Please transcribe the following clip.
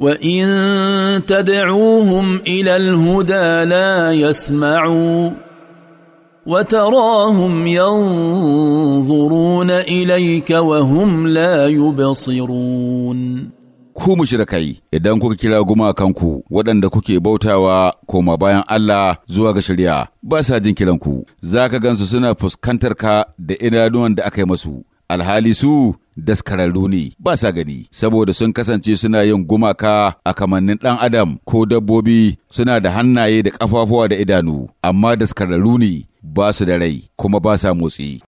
وان تدعوهم الى الهدى لا يسمعوا وتراهم ينظرون اليك وهم لا يبصرون ku mushrikai idan kuka kira gumakanku waɗanda kuke bautawa koma bayan Allah zuwa ga shari'a ba sa jin kiranku za ka gansu suna fuskantar ka da idanuwan da aka yi masu alhali su daskararru ne ba sa gani saboda sun kasance suna yin gumaka a kamannin ɗan adam ko dabbobi suna da hannaye da ƙafafuwa da idanu amma daskararru ne ba su da rai kuma ba sa motsi